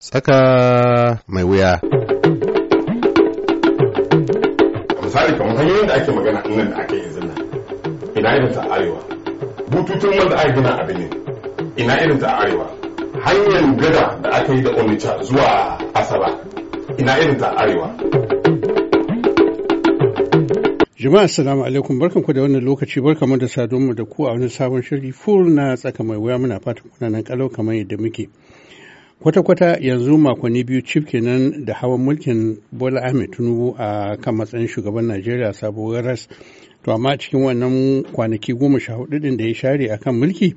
Tsaka mai wuya. Misali kamar hanyoyin da ake magana nan da ake yanzu nan. Ina irin ta arewa. Bututun wanda aka gina a Benin. Ina irin ta arewa. Hanyar gada da aka yi da Onitsha zuwa Asaba. Ina irin ta arewa. Jama'a assalamu alaikum barkanku da wannan lokaci barkamu da saduwa da ku a wani sabon shiri full na tsaka mai wuya muna fatan kuna nan kalau kamar yadda muke. kwata-kwata yanzu makonni biyu cif kenan da hawan mulkin bola ahmed tinubu a kan matsayin shugaban najeriya sabuwar ras to amma cikin wannan kwanaki goma sha hudu din da ya share a kan mulki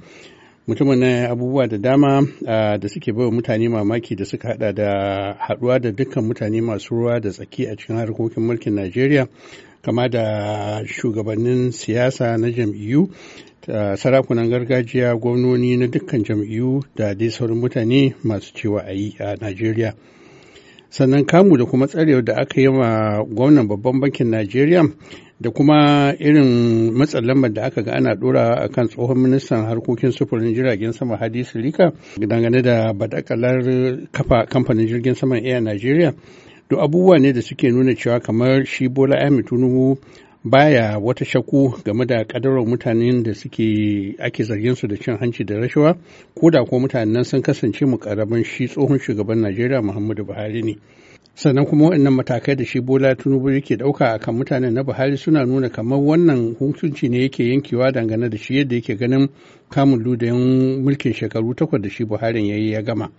mutumin na abubuwa da dama da suke bawa mutane mamaki da suka hada da haduwa da dukkan mutane masu ruwa da tsaki a cikin harkokin mulkin najeriya kama da shugabannin siyasa na jam'iyyu sarakunan gargajiya gwamnoni na dukkan jam'iyyu da dai sauran mutane masu cewa a yi a najeriya sannan kamu da kuma tsarewa da aka yi wa gwamnan babban bankin najeriya da kuma irin matsin lambar da aka ga ana dora a kan tsohon ministan harkokin sufurin jiragen sama hadi silika dangane da badakalar kafa kamfanin jirgin saman air nigeria duk abubuwa ne da suke nuna cewa kamar shi bola ahmed tunubu baya wata shaku game da kadarar mutanen da suke ake zargin su da cin hanci da rashawa ko da ko mutanen sun kasance mukarraban shi tsohon shugaban najeriya muhammadu buhari ne sannan kuma waɗannan matakai da shi bola tunubu yake ɗauka a kan mutanen na buhari suna nuna kamar wannan hukunci ne yake yankewa dangane da shi yadda yake ganin kamun ludayin mulkin shekaru takwas da shi buhari ya yi ya gama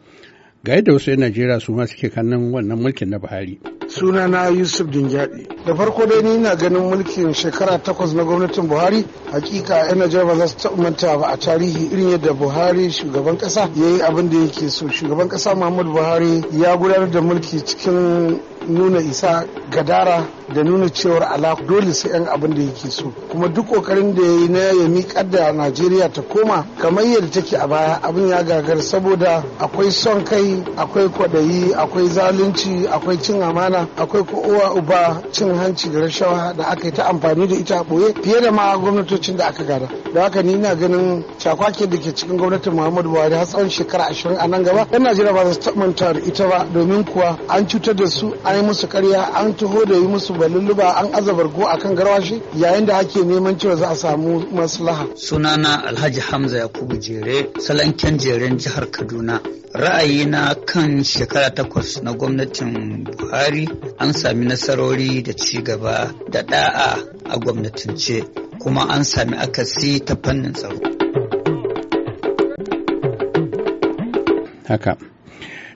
ga yadda wasu 'yan najeriya su ma suke kannan wannan mulkin na buhari Suna na yusuf dinjadi da farko dai ni ina ganin mulkin shekara takwas na gwamnatin buhari hakika yan najeriya ba za su manta ba a tarihi irin yadda buhari shugaban kasa ya yi abin da yake so shugaban ƙasa muhammadu buhari ya gudanar da mulki cikin nuna isa gadara da nuna cewar alaƙa dole sai yan abin da yake so kuma duk kokarin da ya yi na ya miƙar da najeriya ta koma kamar yadda take a baya abin ya gagar saboda akwai son kai akwai kwaɗayi akwai zalunci akwai cin amana akwai ko uwa uba cin hanci da rashawa da aka yi ta amfani da ita a ɓoye fiye da ma gwamnatocin da aka gada da haka ni ina ganin cakwake da ke cikin gwamnatin muhammadu buhari har tsawon shekara ashirin a nan gaba yan najeriya ba za su manta da ita ba domin kuwa an cutar da su an yi musu karya an taho da yi musu baluluba an azabar go kan garwashi yayin da ake neman cewa za a samu maslaha sunana alhaji hamza yakubu jere salon jeren jihar kaduna ra'ayina kan shekara takwas na gwamnatin buhari an sami nasarori da ci gaba da da'a a ce kuma an sami akasi ta fannin tsaro haka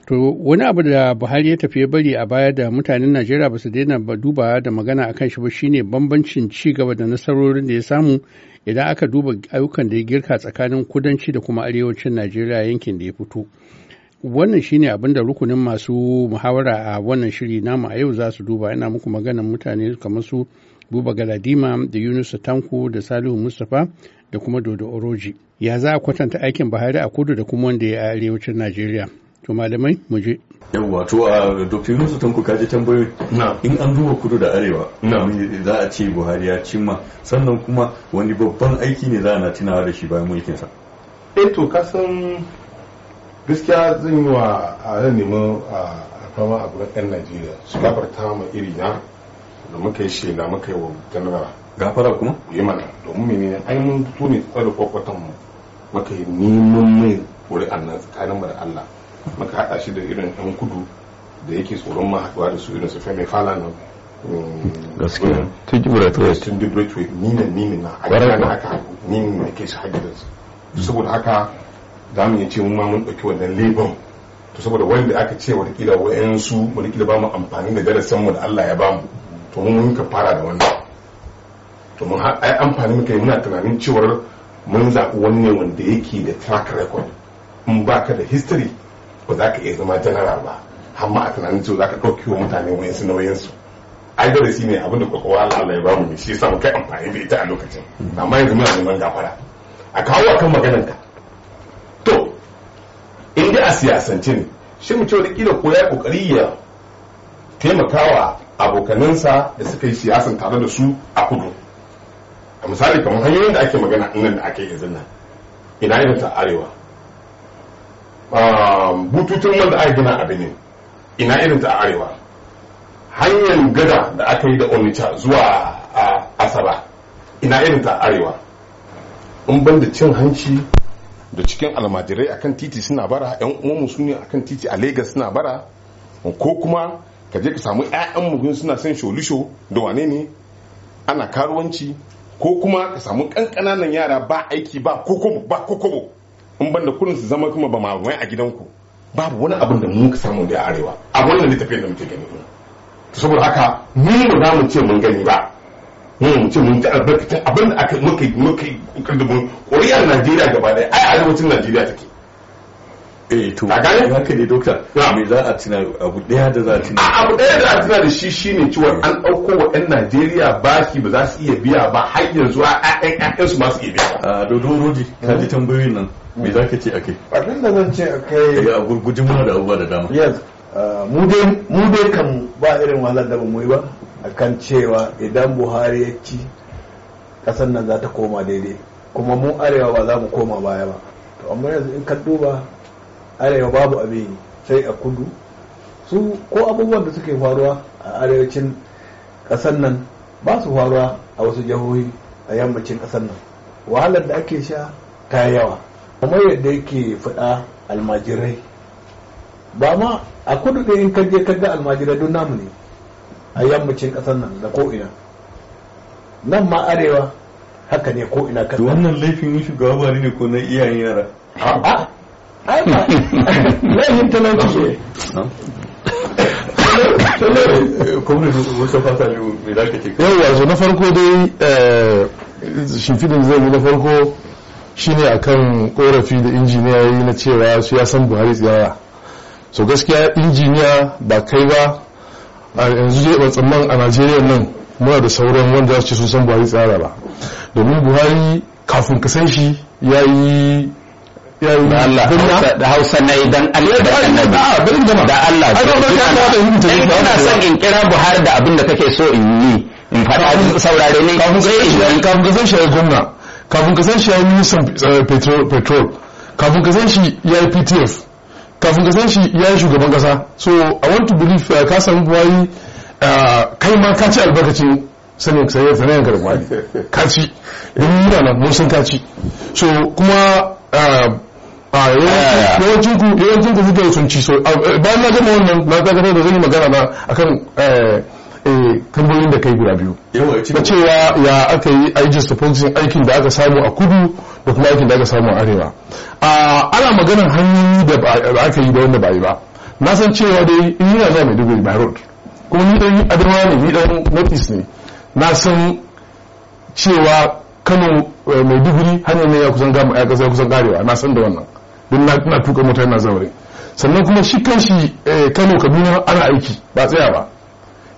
To wani abu da Buhari ya tafi bari a baya da mutanen Najeriya ba su daina ba duba da magana a kan shi ba shine bambancin ci gaba da nasarorin da ya samu idan aka duba ayyukan da ya girka tsakanin kudanci da kuma arewacin Najeriya yankin da ya fito. Wannan shine abin da rukunin masu muhawara a wannan shiri namu a yau za su duba ina muku maganan mutane kamar su Buba Galadima da yunus Tanko da Salihu Mustapha da kuma Dodo Oroji. Ya za a kwatanta aikin Buhari a kudu da kuma wanda ya a arewacin Najeriya. To malamai mu je. Yawwa to a Dr. yunus Tanko kaji tambayoyi. Na. In an duba kudu da arewa. Na. Za a ce Buhari ya cimma sannan kuma wani babban aiki ne za a na tunawa da shi bayan mulkinsa. Eh to kasan gaskiya zan yi wa a zan nemi a fama a gurin yan najeriya su gafarta ma iri na da muka yi shela muka yi wa ganara gafara kuma yi mana domin mene ai mun tuni ne tsare kwakwatan mu muka yi neman mai ƙuri'an nan tsakanin mu da allah muka haɗa shi da irin yan kudu da yake tsoron ma haɗuwa da su irin su femi fala nan mm, gaskiya tun jibirat west tun jibirat west ni ne ni ne na a gana haka ni ne na ke shi hajjidansu saboda haka za mu iya ce mun ma mun ɗauki wannan lebon to saboda wanda aka ce kila wa'yansu kila ba mu amfani da darasin mu da Allah ya bamu to mun mun ka fara da wannan to mun ai amfani muka yi muna tunanin cewa mun zaɓi wani ne wanda yake da track record in baka da history ba za ka iya zama general ba amma a tunanin cewa za ka ɗauki wa mutane wa'yansu nauyinsu ai darasi ne abin da kwakwawa Allah ya bamu ne shi yasa muka amfani da ita a lokacin amma yanzu muna neman gafara a kawo akan maganar ka dai a siyasance ne shi mutum da kila ko ya kokari ya taimakawa abokaninsa da suka yi siyasan tare da su a kudu a misali kamar hanyoyin da ake magana nan da ake yanzu nan ina irin ta arewa bututun da aka gina a benin ina irin ta arewa hanyar gada da aka yi da onitsha zuwa asaba ina irin ta arewa in ban da cin hanci da cikin almajirai akan titi suna bara yan uwanmu su ne akan titi a Legas suna bara ko kuma ka je ka samu ƴaƴan mu suna son sholisho da wane ne ana karuwanci ko kuma ka samu kankananan yara ba aiki ba kokobo ba kokobo in banda kurin su zama kuma ba ma a gidanku babu wani abin da mun samu da arewa a wannan littafin da muke gani saboda haka mun ba za mu ce mun gani ba mu ce mun ta albarkacin abin da aka muka muka kirdumin ƙuri'ar Najeriya gaba ɗaya ai arewacin Najeriya take eh to a gane haka ne doktor me za a tuna abu daya da za a tuna abu daya da za a tuna da shi shine cewa an dauko wa yan Najeriya baki ba za su iya biya ba har yanzu a ƴaƴan su ma su iya biya a ah, dodon rodi ka ji tambayoyin nan me za ka ce akai abin da zan ce akai a eh, gurgujin muna da abubuwa da dama yes mu dai kan ba irin wahalar da mu yi ba a kan cewa idan buhari ya ci ƙasar nan za ta koma daidai kuma mu arewa ba za mu koma baya ba to amma yanzu in ka duba arewa babu abin sai a kudu su ko abubuwan da suke faruwa a arewacin ƙasar nan ba su faruwa a wasu jihohi a yammacin ƙasar nan wahalar da ake sha ta yawa kamar yadda yake faɗa almajirai ba ma a kudu ɗin in kaje ka ga almajirai duk namu ne a yammacin ƙasar nan da ko'ina nan ma arewa haka ne ko ina kasa wannan laifin shugaba ne ko na iyayen yara a a laifin talauci ne yawwa zo na farko dai eh, shimfidin zai yi na farko shine akan korafi da injiniya yi na cewa su ya san buhari tsiyara so gaskiya injiniya ba kai ba a yanzu zai ban tsamman a najeriya nan muna da sauran wanda su ce sun san buhari tsara ba domin buhari kafin ka san shi ya yi da hausa na yi dan Allah da Allah ina son in kira buhari da abin da kake so in yi in faɗa saurare ne eh, kafin ka san shi ya gwamna kafin ka san shi ya yi ministan eh, petrol kafin ka san shi ya yi ptf kafin ka san shi ya yi shugaban kasa so i want to believe uh, ka samu uh, kai ma ka ci albarkacin sanin sanin sanin ka da buhari ka ci domin yi nan mun san ka ci so kuma uh, uh, yawancin ku yawancin ku suka sun ci so uh, bayan na gama wannan na dakatar da zan yi magana na akan tambayoyin da kai guda biyu na cewa ya aka yi aikin supporting aikin da aka samu a kudu da kuma aikin da aka samu a arewa ana maganin hanyoyi da aka yi da wanda ba yi ba na san cewa dai in yi na mai dubu by road kuma ni dan adama ne ni dan notice ne na san cewa kano eh, mai duguri hanyar ne ya kusan gama ya kasa kusan karewa na san da wannan don na tuka mota na zaure sannan kuma shi kan eh, kano kaduna ana aiki ba tsaya ba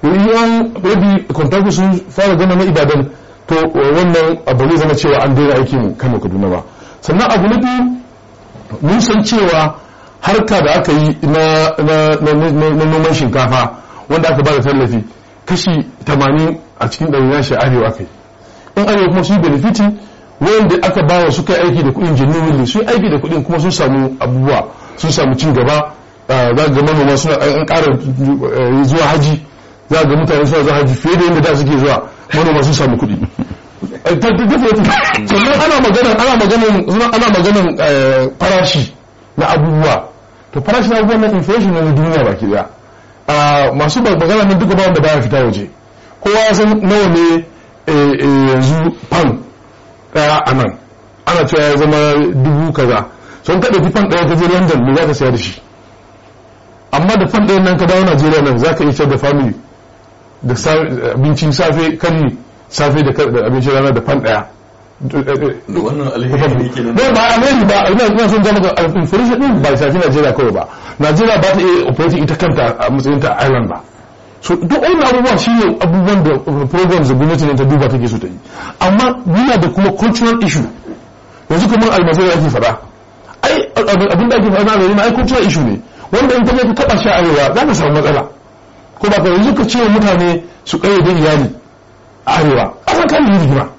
yan rabi kwantarku sun fara gama na ibadan to wannan abu zai zama cewa an daina aikin kano kaduna ba sannan abu na biyu mun san cewa harka da aka yi na noman shinkafa wanda aka ba da tallafi kashi 80 a cikin ɗari na shi arewa aka yi in arewa kuma su yi benefiti wanda aka ba wa suka aiki da kuɗin genuinely su aiki da kuɗin kuma sun samu abubuwa sun samu cin gaba ah, za ga manoma suna an ƙara zuwa haji za ga mutane suna zuwa haji fiye da yadda da suke zuwa manoma sun samu kuɗi eh, sannan ana maganan ana maganan ana maganar eh, farashi na abubuwa to farashi na abubuwan na inflation na duniya baki daya ah, masu magana nan duka ba da baya fita waje kowa ya san nawa ne eh, yanzu pan daya a nan ana cewa ya zama dubu kaza sun kaɗa fi pan ɗaya ka je london me za ka siya da shi amma da fan ɗayan nan ka dawo najeriya nan za ka iya da family da abincin safe kan ne safe da abincin rana da fan daya wannan alheri ne kenan ba alheri ba ina ina son ga maka information din ba shafi Najeriya kawai ba Najeriya ba ta iya operating ita kanta a matsayin ta island ba so duk wani abubuwa shi ne abubuwan da programs da gwamnati ne ta duba take so ta yi amma muna da kuma cultural issue yanzu kamar almasai da ake faɗa ai abin da ake faɗa na zai ma ai cultural issue ne wanda in ka je ka shi a arewa za ka samu matsala ko ba ka yanzu ka ce wa mutane su da iyali a arewa ƙasa kan yi rigima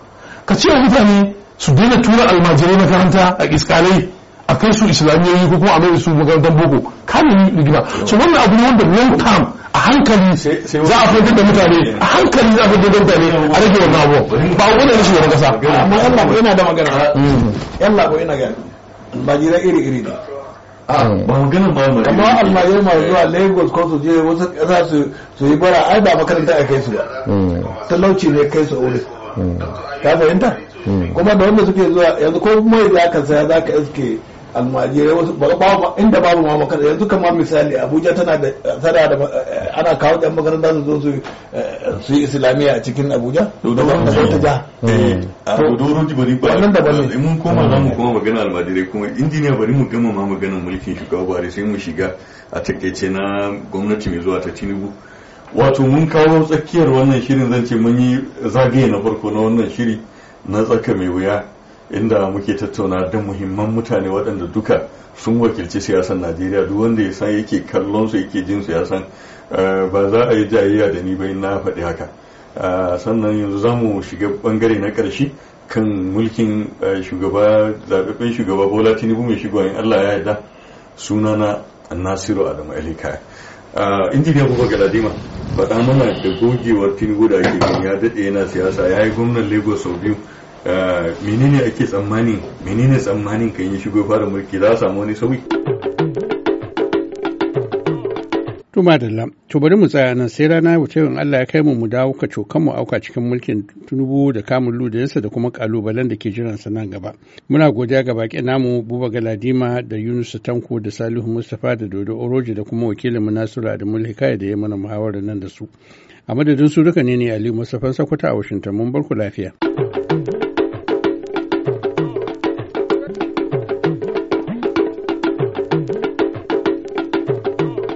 ka ce wa mutane su daina tura almajirai makaranta a iskalai a kai su islamiyoyi ko kuma a mai su makarantar boko kan yi rigima so wannan abu ne wanda long term a hankali za a fitar da mutane a hankali za a fitar da mutane a rage wannan abu ba wani ne shi wani kasa amma yalla ko da magana yalla mm. ko ina ga almajirai iri iri ne Ah, eh. ba maganin marmari amma Allah ya ma zuwa Lagos ko su je wasu ƙasa su su yi bara ai ba makaranta a kai su ba hmm. talauci ne kai su aure hmm. ka fahimta hmm. kuma da wanda suke zuwa yanzu ko mai da aka saya za ka iske almajirai wasu babu inda babu ma makaranta yanzu kamar misali abuja tana da tana da ana kawo yan makaranta su zo su eh, su yi islamiyya a cikin abuja da wata ja eh, ah. to doro jibari ba wannan da balle mun koma za mu ah. koma magana almajirai kuma injiniya bari mu gama ma maganar mulkin shugaba buhari sai mu shiga a takaice na gwamnati mai zuwa ta tinubu wato mun kawo tsakiyar wannan shirin zan ce mun yi zagaye na farko na wannan shiri na tsaka mai wuya inda muke tattauna da muhimman mutane waɗanda duka sun wakilci siyasar najeriya duk wanda ya san yake kallon su yake jin su ya san eh, ba za a yi jayayya da ni ba na faɗi haka eh, sannan yanzu za mu shiga ɓangare na ƙarshe kan mulkin eh, shugaba zaɓaɓɓen shugaba bola tinubu mai shigowa in allah ya yarda sunana nasiru adamu alikaya injiniya buba galadima faɗa mana da gogewar tinubu da ake gani ya daɗe yana siyasa ya yi gwamnan lagos sau biyu Eh, menene ake tsammani menene tsammanin kan yi shigo fara mulki za a samu wani sauyi Tuma da lam, to bari mu tsaya nan sai rana wuce in Allah ya kai mu mu dawo ka cokan mu auka cikin mulkin tunubu da kamun ludayinsa da kuma kalubalen da ke jiran sa nan gaba. Muna godiya ga baƙin namu Buba Galadima da Yunus Tanko da Salihu Mustapha da Dodo Oroji da kuma wakilin mu Nasiru da Hikaya da ya mana muhawarar nan da su. A madadin su duka ne ne Aliyu Mustapha Sakwata a Washington mun bar ku lafiya.